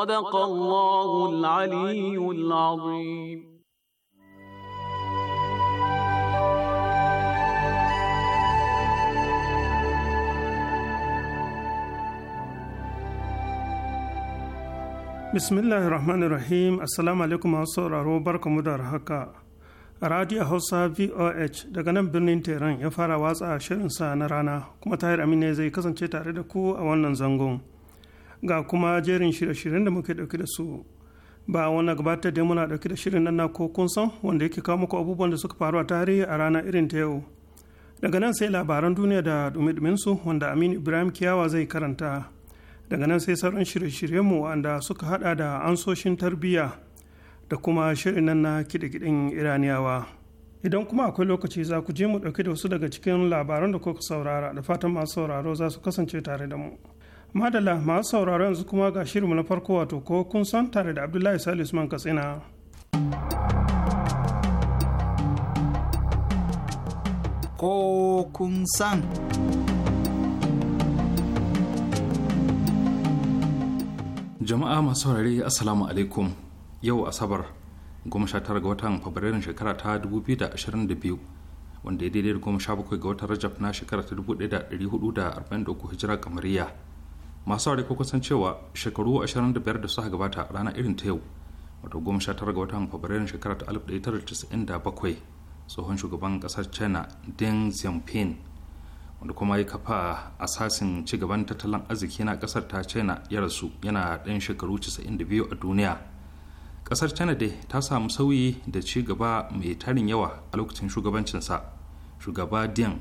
صدق الله العلي العظيم بسم الله rahim الرحيم السلام masu sauraro barkamu da haka radio hausa voh daga nan birnin tehran ya fara watsa shirinsa na rana kuma tahir amine zai kasance tare da ku a wannan zangon ga kuma jerin shirye-shiryen da muke dauke da su ba wannan gabatar da muna dauke da shirin nan na ko kun san wanda yake kawo muku abubuwan da suka faru a tarihi a rana irin ta yau daga nan sai labaran duniya da dumi su wanda aminu ibrahim kiyawa zai karanta daga nan sai sauran shirye shiryen mu wanda suka hada da ansoshin tarbiyya da kuma shirin nan na kiɗe-kiɗen iraniyawa idan kuma akwai lokaci za ku je mu ɗauki da wasu daga cikin labaran da kuka saurara da fatan masu sauraro za su kasance tare da mu. madala masu sauraron yanzu kuma ga shirinmu na farko wato ko kun san tare da abdullahi salisu usman katsina ko kun san jama'a masu saurare assalamu alaikum yau asabar 19 ga watan fabrairun shekara ta 2022 wanda ya daidai da 17 ga watan rajab na shekara ta 1443 hijira kamariya masu aure ko kusan cewa shekaru 25 da suka gabata rana irin ta yau wato 19 ga watan fabrairun shekarar ta 1997 tsohon shugaban kasar china deng xiaoping wanda kuma ya kafa asasin ci tattalin arziki na kasar ta china ya rasu yana ɗan shekaru 92 a duniya kasar china dai ta samu sauyi da ci gaba mai tarin yawa a lokacin shugabancinsa shugaba deng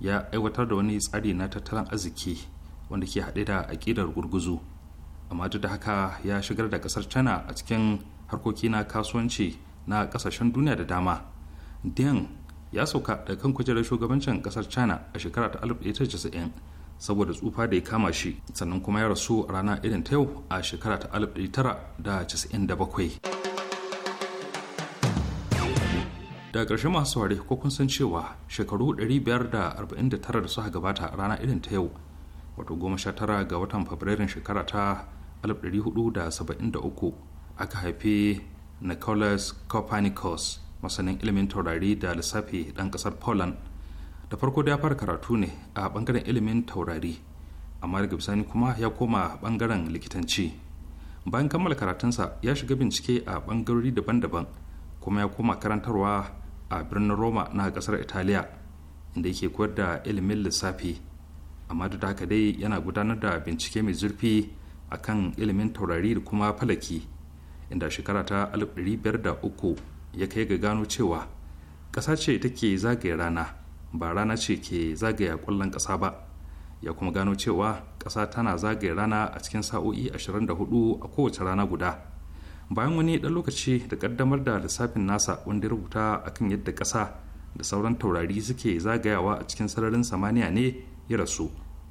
ya aiwatar da wani tsari na tattalin arziki wanda ke haɗe da aƙidar gurguzu amma duk da haka ya shigar da ƙasar china a cikin harkoki na kasuwanci na ƙasashen duniya da dama deng ya sauka da kan kujerar shugabancin ƙasar china a shekara ta 1990 saboda tsufa da ya kama shi sannan kuma ya rasu a rana irin ta yau a shekara ta 1997 da ƙarshe masu saurari ko kun san cewa shekaru 549 da suka gabata rana irin ta yau wato goma sha tara ga watan fabrairun shekara ta 1473 aka haife nicholas copernicus masanin ilimin taurari da lissafi ɗan ƙasar poland da farko da ya fara karatu ne a bangaren ilimin taurari amma daga bisani kuma ya koma ɓangaren likitanci bayan kammala karatunsa ya shiga bincike a ɓangarori daban-daban kuma ya koma karantarwa a birnin roma na ƙasar italiya inda yake koyar da ilimin lissafi amma duk da haka dai yana gudanar da bincike mai zurfi a kan ilimin taurari da kuma falaki inda shekara ta uku ya kai ga gano cewa ƙasa ce take zagaya rana ba rana ce ke zagaya ƙwallon ƙasa ba ya kuma gano cewa ƙasa tana zagaya rana a cikin sa'o'i 24 a kowace rana guda bayan wani ɗan lokaci da ƙaddamar da lissafin nasa wanda rubuta akan yadda ƙasa da sauran taurari suke zagayawa a cikin sararin samaniya ne ya rasu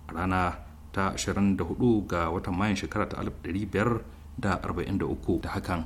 a rana ta 24 ga watan mayan shekara ta 1543 da hakan.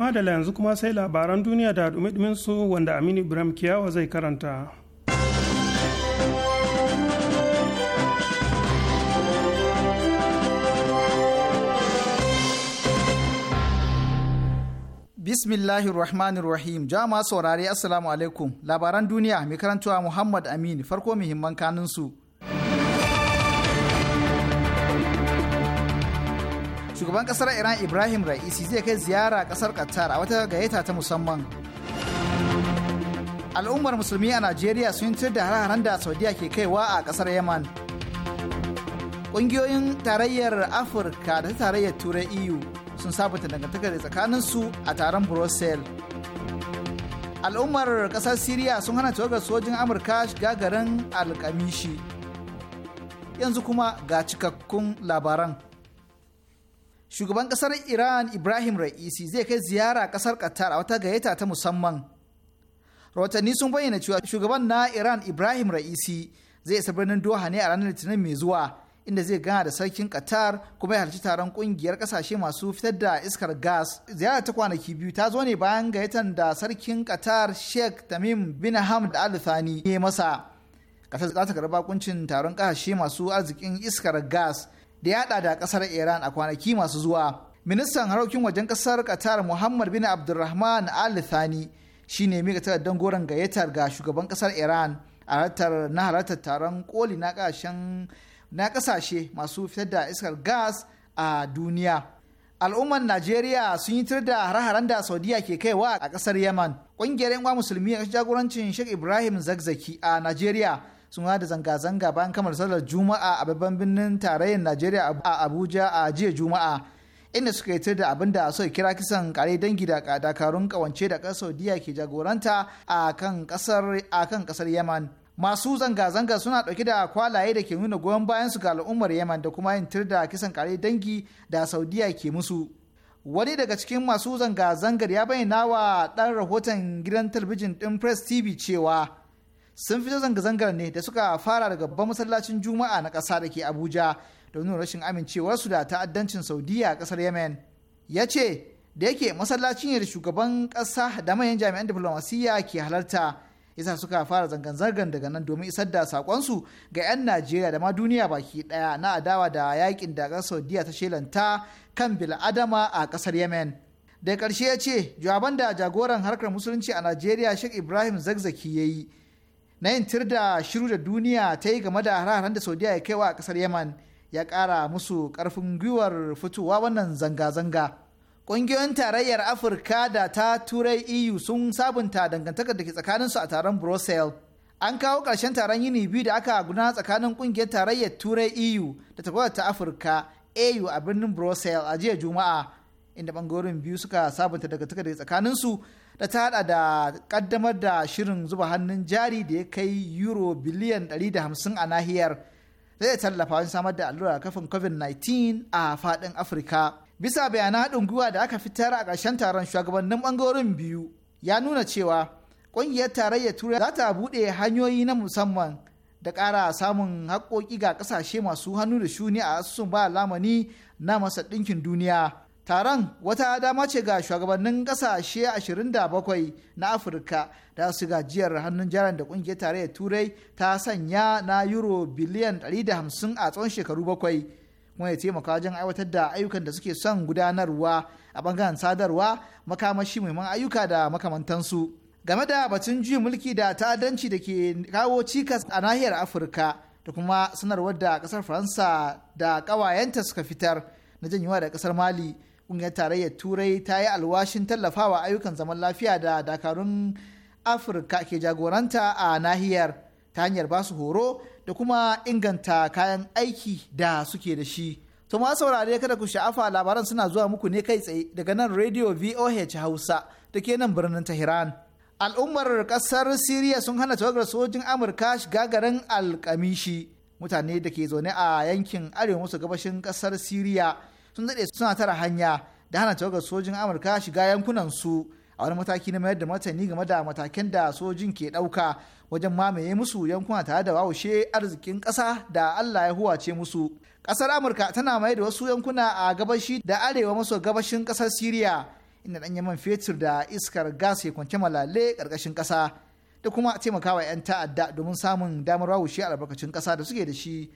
madala yanzu kuma sai labaran duniya da dumi su wanda aminu ibrahim kiyawa zai karanta bismillahir rahmanir rahim jama saurari assalamu alaikum labaran duniya mai karantawa muhammad amin farko muhimman kanunsu shugaban kasar iran ibrahim ra'isi zai kai ziyara kasar qatar a wata gayyata ta musamman al'ummar musulmi a najeriya sun yi da hare-haren da saudiya ke kaiwa a kasar yaman ƙungiyoyin tarayyar afirka da tarayyar turai eu sun sabunta dangantakar su a taron brussels al'ummar kasar siriya sun hana tawagar sojin amurka shiga garin alkamishi yanzu kuma ga cikakkun labaran shugaban kasar iran ibrahim ra'isi zai kai ziyara kasar qatar a wata gayyata ta musamman rahotanni sun bayyana cewa shugaban na iran ibrahim ra'isi zai isa birnin doha ne a ranar litinin mai zuwa inda zai gana da sarkin qatar kuma ya halarci taron kungiyar kasashe masu fitar da iskar gas ziyara ta kwanaki biyu ta zo ne bayan gayyatar da sarkin qatar sheikh tamim bin hamd al thani ya masa kasar za ta karɓi bakuncin taron kasashe masu arzikin iskar gas da yada da kasar iran a kwanaki masu zuwa ministan harokin wajen kasar qatar muhammad bin abdulrahman al thani shi ne mika takardar goron gayyatar ga shugaban kasar iran a na halartar taron koli na kasashe masu fitar da iskar gas a duniya al'ummar najeriya sun yi tirda da hare-haren da saudiya ke kaiwa a kasar yaman ƙungiyar 'yan musulmi a jagorancin sheikh ibrahim zagzaki a najeriya sun da zanga-zanga bayan kamar sallar juma'a a babban birnin tarayyar najeriya a abuja a jiya juma'a inda suka yi da abin da so kira kisan kare dangi da dakarun kawance da kasar saudiya ke jagoranta a kan ƙasar yaman masu zanga-zanga suna ɗauke da kwalaye da ke nuna goyon su ga al'ummar yaman da kuma yin da kisan kare dangi da saudiya ke musu wani daga cikin masu zanga-zangar ya bayyana wa ɗan rahoton gidan talabijin ɗin press tv cewa sun fito zanga-zangar ne da suka fara daga babban masallacin juma'a na ƙasa da ke abuja domin rashin amincewarsu da ta'addancin saudiya a ƙasar yemen ya ce da yake masallaci ne da shugaban ƙasa da manyan jami'an diflomasiyya ke halarta yasa suka fara zangan zangar daga nan domin isar da saƙonsu ga 'yan najeriya da ma duniya baki ɗaya na adawa da yakin da ƙasar saudiya ta shelanta kan bil'adama a ƙasar yemen da ƙarshe ya ce jawaban da jagoran harkar musulunci a najeriya sheikh ibrahim zagzaki ya yi na yin tir da shiru da duniya ta yi game da hare da saudiya ya kaiwa a kasar yaman ya kara musu karfin gwiwar fitowa wannan zanga-zanga ƙungiyoyin tarayyar afirka da ta turai eu sun sabunta dangantakar da ke tsakaninsu a taron brussels an kawo karshen taron yini biyu da aka gudana tsakanin ƙungiyar tarayyar turai eu da ta ta afirka au a birnin brussels a jiya juma'a inda bangarorin biyu suka sabunta dangantakar da ke tsakaninsu da ta hada da kaddamar da shirin zuba hannun jari da ya kai euro biliyan 150 a nahiyar zai tallafa wajen samar da allura kafin covid-19 a fadin afirka bisa bayanan haɗin gwiwa da aka fitar a ƙarshen taron shugabannin ɓangarorin biyu ya nuna cewa ƙungiyar tarayyar turai za ta buɗe hanyoyi na musamman da ƙara samun haƙoƙi ga ƙasashe masu hannu da shuni a asusun ba lamani na masa ɗinkin duniya taron wata dama ce ga shugabannin kasashe 27 na afirka da su gajiyar hannun jaran da kungiyar tarayyar turai ta sanya na euro biliyan 150 a tsawon shekaru bakwai kuma ya taimaka wajen aiwatar da ayyukan da suke son gudanarwa a bangaren sadarwa makamashi muhimman ayyuka da makamantansu game da batun juyin mulki da ta'addanci da ke kawo cikas a nahiyar afirka da kuma sanarwar da kasar faransa da ƙawayenta suka fitar na janyewa da kasar mali ƙungiyar tarayyar turai ta yi alwashin tallafawa ayyukan zaman lafiya da dakarun afirka ke jagoranta a nahiyar ta hanyar basu horo da kuma inganta kayan aiki da suke da shi to ma saurare kada ku sha'afa labaran suna zuwa muku ne kai tsaye daga nan radio voh hausa da ke nan birnin tehran al'ummar kasar siriya sun hana tawagar sojin amurka shiga garin alkamishi mutane da ke zaune a yankin arewa maso gabashin kasar siriya sun daɗe suna tara hanya da hana tawagar sojin amurka shiga yankunan su a wani mataki na mayar da martani game da matakan da sojin ke ɗauka wajen mamaye musu yankuna tare da waushe arzikin ƙasa da allah ya huwace musu ƙasar amurka tana mayar da wasu yankuna a gabashi da arewa maso gabashin ƙasar siriya inda ɗanyen man fetur da iskar gas ke kwance malale ƙarƙashin ƙasa da kuma taimakawa 'yan ta'adda domin samun damar wawushe albarkacin ƙasa da suke da shi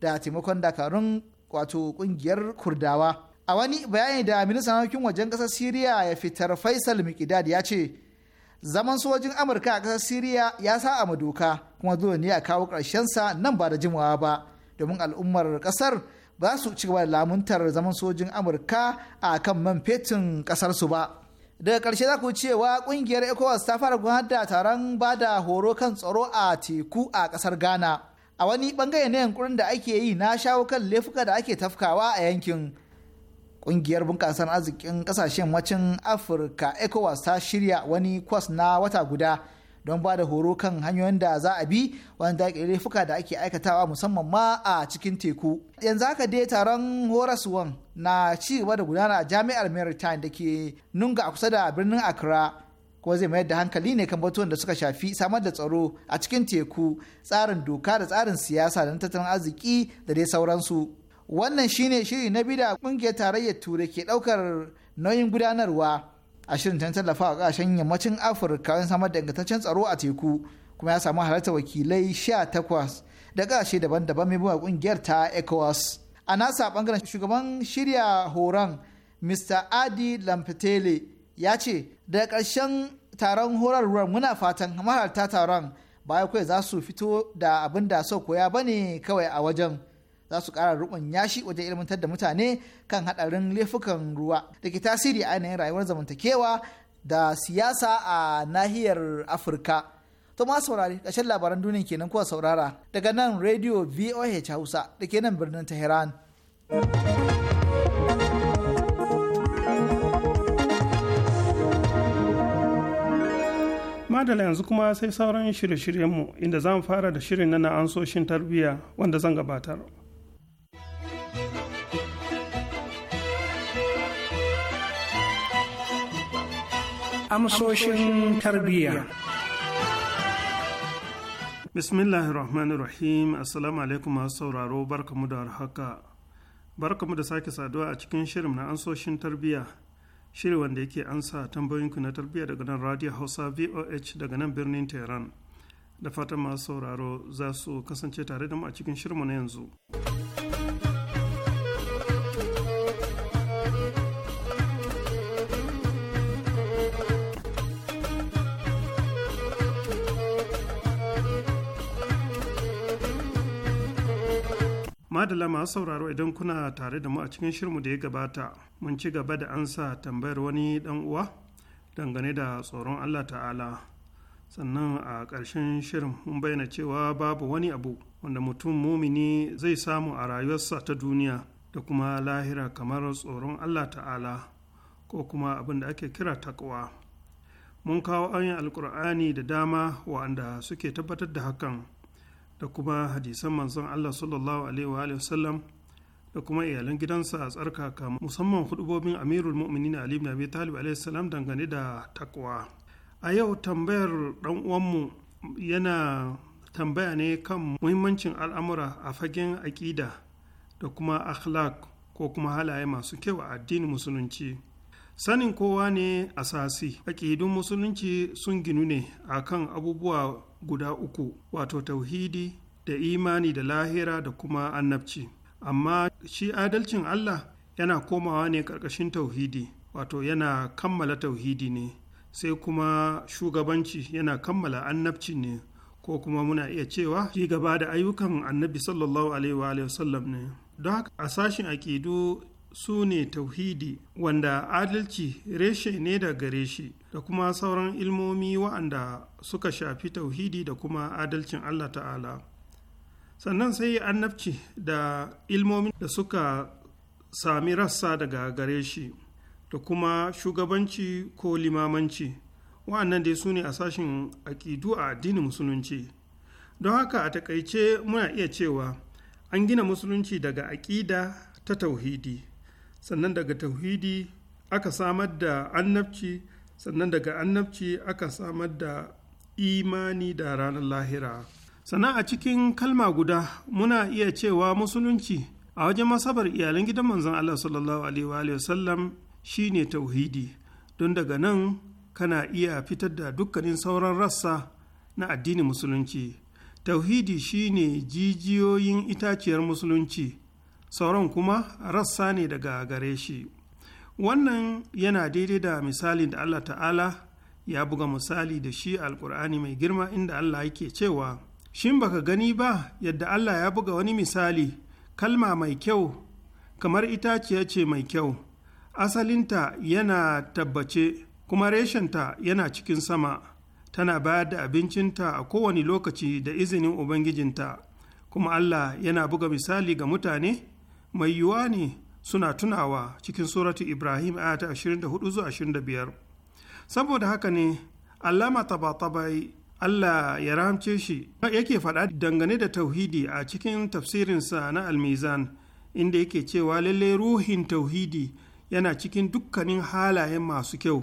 da taimakon dakarun wato kungiyar kurdawa a wani bayani da ministan harkokin wajen kasar siriya ya fitar faisal mikidad ya ce zaman sojin amurka a kasar siriya ya sa a madoka kuma dole ne a kawo sa nan ba da jimawa ba domin al'ummar kasar ba su ci gaba da lamuntar zaman sojin amurka a kan man fetin su ba daga karshe za ku cewa ƙungiyar ecowas ta fara gudanar da taron bada horo kan tsaro a teku a ƙasar ghana a wani bangare na yankurin da ake yi na shawo kan laifuka da ake tafkawa a yankin kungiyar bunƙasar arzikin kasashen macin afirka ecowas ta shirya wani kwas na wata guda don ba da horo kan hanyoyin da za a bi wanda ake laifuka da ake aikatawa musamman ma a cikin teku yanzu haka dai taron horaswan na ci gaba da gudana a jami'ar maritime da ke nunga a kusa da birnin accra kuma zai mayar da hankali ne kan batuwan da suka shafi samar da tsaro a cikin teku tsarin doka da tsarin siyasa da tattalin arziki da dai sauransu wannan shine shiri na bida kungiyar tarayyar turai ke daukar nauyin gudanarwa a shirin ta tallafa a kasashen yammacin afirka wajen samar da ingantaccen tsaro a teku kuma ya samu halartar wakilai sha takwas da kasashe daban-daban mai kungiyar ta ecowas a nasa bangaren shugaban shirya horon mr adi lamfetele ya ce da ƙarshen taron horarwar muna fatan mahalarta taron baya kawai za su fito da abin da so koya ba ne kawai a wajen za su ƙara rubun yashi wajen ilmantar da mutane kan haɗarin laifukan ruwa da ke tasiri a yanayin rayuwar zamantakewa da siyasa a nahiyar afirka to ma saurari ƙarshen labaran duniya kenan kuwa saurara daga nan rediyo voh hausa da ke nan birnin tehran. madala yanzu kuma sai sauran shirye-shiryenmu inda za mu fara da shirin na ansoshin tarbiyya wanda zan gabatar. Amsoshin tarbiyya rahim Assalamu alaikum masu sauraro barkamu da warhaka. Barkamu da sake saduwa a cikin shirin na ansoshin tarbiyya shirin wanda yake ansa tambayoyinku na tarbiya daga nan radio hausa voh daga nan birnin tehran da fatan masu sauraro za su kasance tare da mu a cikin shirinmu na yanzu. madala masu sauraro idan kuna tare da mu a cikin shirmu da ya gabata mun ci gaba da ansa tambayar wani dan uwa dangane da tsoron allah ta'ala sannan a ƙarshen shirin mun bayyana cewa babu wani abu wanda mutum mumini zai samu a rayuwarsa ta duniya da kuma lahira kamar tsoron allah ta'ala ko kuma abin da ake kira takwa mun kawo ayin alkur'ani da dama wa'anda suke tabbatar da hakan da kuma hadisan manzon Allah sallallahu alaihi wa sallam da kuma iyalan gidansa a tsarkaka musamman hudubobin amirul mu'minin ali ibn abi talib alaihi salam dangane da takwa a yau tambayar dan uwanmu yana tambaya ne kan muhimmancin al'amura a fagen aƙida da kuma akhlaq ko kuma halaye masu kyau a addinin musulunci sanin kowa ne asasi aƙidun musulunci sun ginu ne a kan abubuwa guda uku wato tauhidi da imani da lahira da kuma annabci amma shi adalcin allah yana komawa ne ƙarƙashin tauhidi wato yana kammala tauhidi ne sai kuma shugabanci yana kammala annabci ne ko kuma muna iya cewa shi gaba da ayyukan annabi sallallahu alaihi wa sallam ne don a sashin aƙidu su ne tauhidi wanda adalci reshe ne da gare shi da kuma sauran ilmomi wa'anda suka shafi tauhidi da kuma adalcin Allah ta'ala sannan sai annabci da ilmomin da suka sami rassa daga gare shi da kuma shugabanci ko limamanci wa'annan dai su ne a sashen aƙidu a addinin musulunci don haka a taƙaice muna iya cewa an gina musulunci daga aƙida ta tauhidi sannan daga tauhidi aka samar da annabci sannan daga annabci aka samar da imani da ranar lahira sannan a cikin kalma guda muna iya cewa musulunci a wajen masabar iyalan gidan manzon Allah sallallahu alaihi wa sallam shine tauhidi don daga nan kana iya fitar da dukkanin sauran rassa na addinin musulunci tauhidi shine jijiyoyin itaciyar musulunci sauran kuma rassa ne daga gare shi wannan yana daidai da misali da allah ta'ala ya buga misali da shi alkur'ani mai girma inda allah yake cewa shin baka gani ba yadda allah ya buga wani misali kalma mai kyau kamar itaciya ce mai kyau asalinta yana tabbace kuma reshenta yana cikin sama tana bayar da abincinta a kowane lokaci da izinin ubangijinta kuma allah yana buga misali ga mutane mai yiwuwa ne suna tunawa cikin suratu ibrahim aya ta 24 zuwa 25 saboda haka ne allama tabatabai allah ya ramce shi yake faɗa dangane da tauhidi a cikin tafsirinsa na almizan inda yake cewa lalle ruhin tauhidi yana cikin dukkanin halayen masu kyau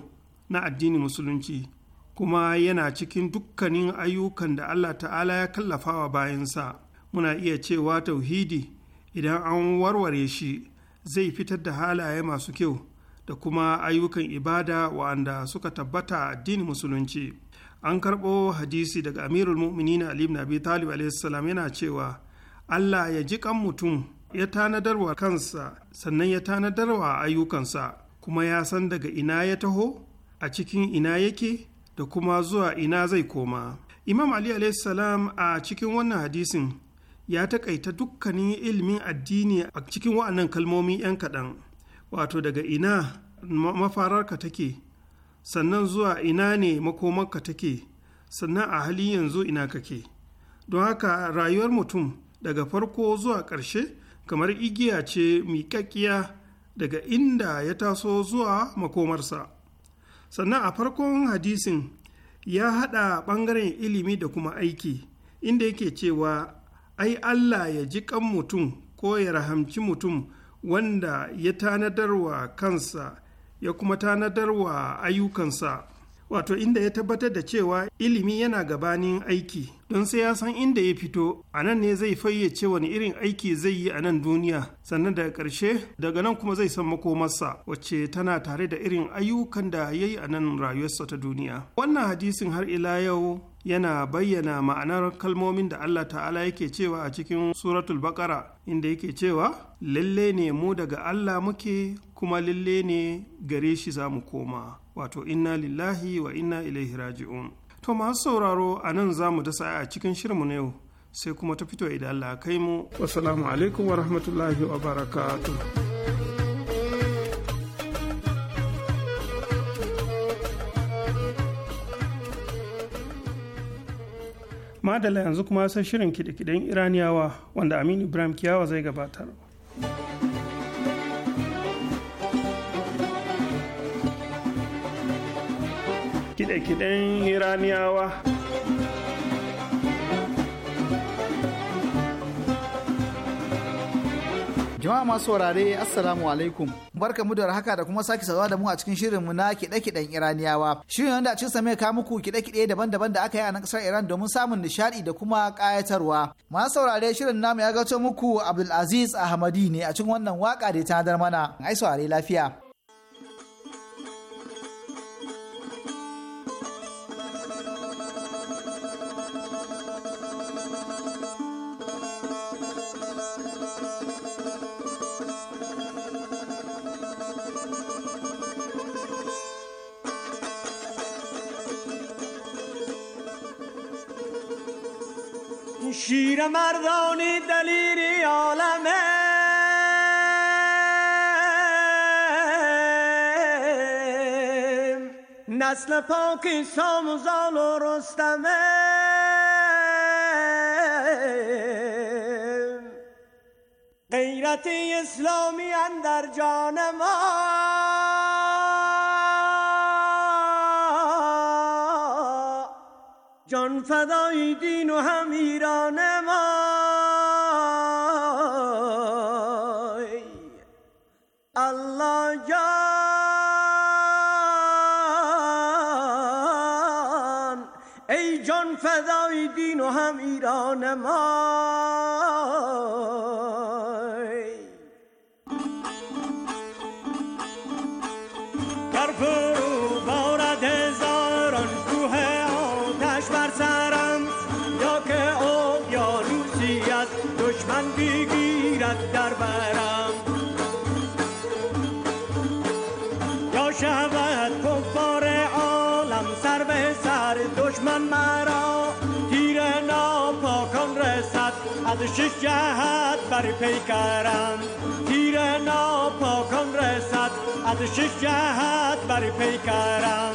na addinin musulunci kuma yana cikin dukkanin ayyukan da allah ta'ala ya kallafawa bayansa muna iya cewa tauhidi idan an warware shi zai fitar da halaye masu kyau da kuma ayyukan ibada wa'anda suka tabbata addinin musulunci an karɓo hadisi daga amirul na ali ibn abi talib alaihissalam yana cewa allah ya ji kan mutum ya tanadarwa kansa sannan ya tanadarwa ayyukansa kuma ya san daga ina ya taho a cikin ina yake da kuma zuwa ina zai koma imam ali alaihissalam a cikin wannan hadisin ya taƙaita dukkanin ilimin addini a cikin wa'annan kalmomi 'yan kaɗan wato daga ina mafararka take sannan zuwa ina ne makomarka take sannan a halin yanzu ina kake don haka rayuwar mutum daga farko zuwa ƙarshe kamar igiya ce miƙaƙƙiya daga inda ya taso zuwa makomarsa sannan a farkon hadisin ya haɗa ɓangaren ilimi da kuma aiki inda yake cewa ai Allah ya ji kan mutum ko ya rahamci mutum wanda ya tanadarwa kansa ya kuma tanadarwa ayyukansa wato inda ya tabbatar da cewa ilimi yana gabanin aiki don sai ya san inda ya fito a nan ne zai fayyace wani irin aiki zai yi a nan duniya sannan daga ƙarshe daga nan kuma zai san makomarsa wacce tana tare da irin ayyukan da ya yi a nan rayuwarsa ta duniya wannan hadisin har ila yau yana bayyana ma'anar kalmomin da Allah ta'ala yake cewa a cikin suratul bakara inda yake cewa lalle ne mu daga Allah muke kuma lalle ne gare shi za mu koma wato inna lillahi wa inna ilaihi raji'un to masu sauraro a nan za mu dasa a cikin shirmu na yau sai kuma ta fito idan Allah kai mu wassalamu alaikum wa rahmatullahi wa barakatuh madala yanzu kuma sai shirin kiɗe iraniyawa wanda aminu ibrahim kiyawa zai gabatar kiɗe iraniyawa Jama'a masu saurare Assalamu alaikum. Barka mu da haka da kuma sake sazuwa da mu a cikin shirinmu na kiɗe-kiɗen Iraniyawa. Shirin wanda a cikin mai ka muku kiɗe-kiɗe daban-daban da aka yi a nan ƙasar Iran domin samun nishaɗi da kuma ƙayatarwa. Masu saurare shirin namu ya gato muku Abdulaziz Ahmadi ne a cikin wannan waka da ta dar mana. Ai saurare lafiya. شیر مردانی دلیری عالمه نسل پاکی سام و رستمه غیرت اسلامی اندر جان ما فدای دین و هم ایران ما الله جان ای جان فدای دین و هم ایران ما به سر دشمن مرا تیر ناپاکان رسد از شش جهت بر پیکرم تیر ناپاکان رسد از شش جهت بر پیکرم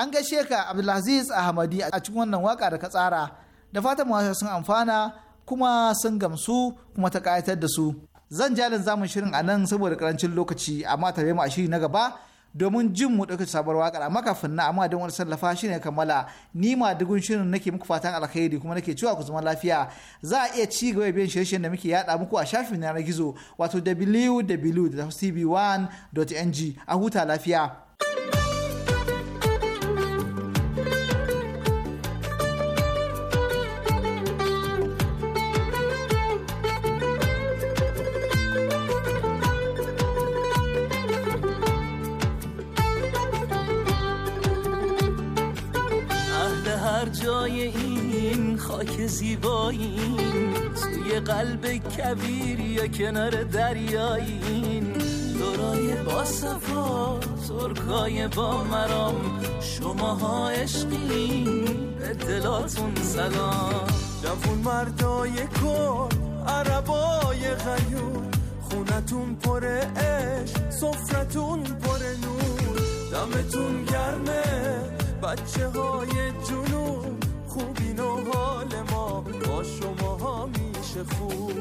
an gaishe ka abdulaziz ahmadi a cikin wannan waka da ka tsara da fatan masu sun amfana kuma sun gamsu kuma ta kayatar da su zan jalin zamun shirin a nan saboda karancin lokaci amma tare mu a shiri na gaba domin jin mu ɗauki sabar waƙar amma kafin na amma don wani sallafa shi ne kammala ni ma dugun shirin nake muku fatan alkhairi kuma nake cewa ku zama lafiya za a iya ci gaba biyan shirye da muke yada muku a shafin yanar gizo wato www.tv1.ng a huta lafiya. پایین توی قلب کویر یا کنار دریایین دورای با صفا ترکای با مرام شماها عشقین دلاتون سلام جوون مردای کن عربای غیور خونتون پر اش سفرتون پر نور دمتون گرمه بچه های جنوب و حال ما با شما ها میشه خوب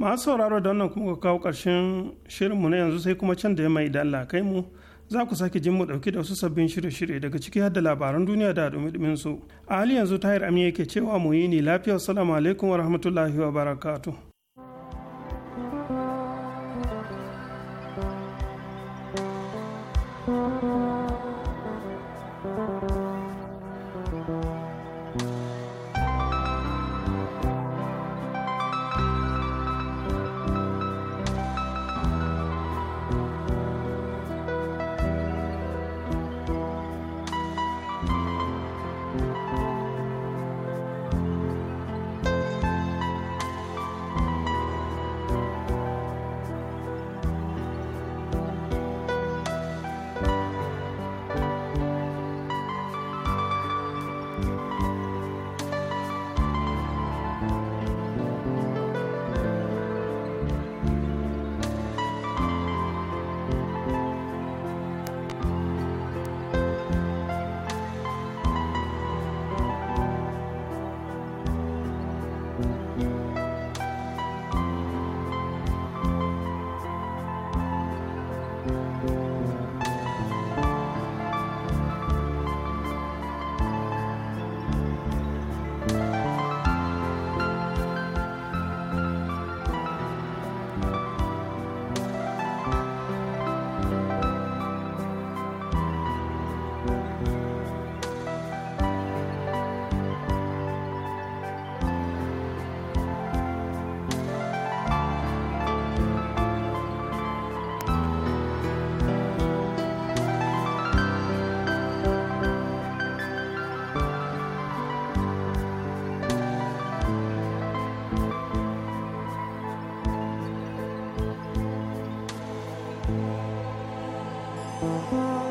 masu sauraro da wannan kuma kawo ƙarshen shirinmu na yanzu sai kuma can da ya mai da Allah kai mu za ku sake jin mu ɗauki da wasu sabbin shirye-shirye daga ciki har da labaran duniya da dumi su a hali yanzu tahir amin yake cewa mu yi ni lafiyar salamu alaikum wa rahmatullahi wa barakatuh Música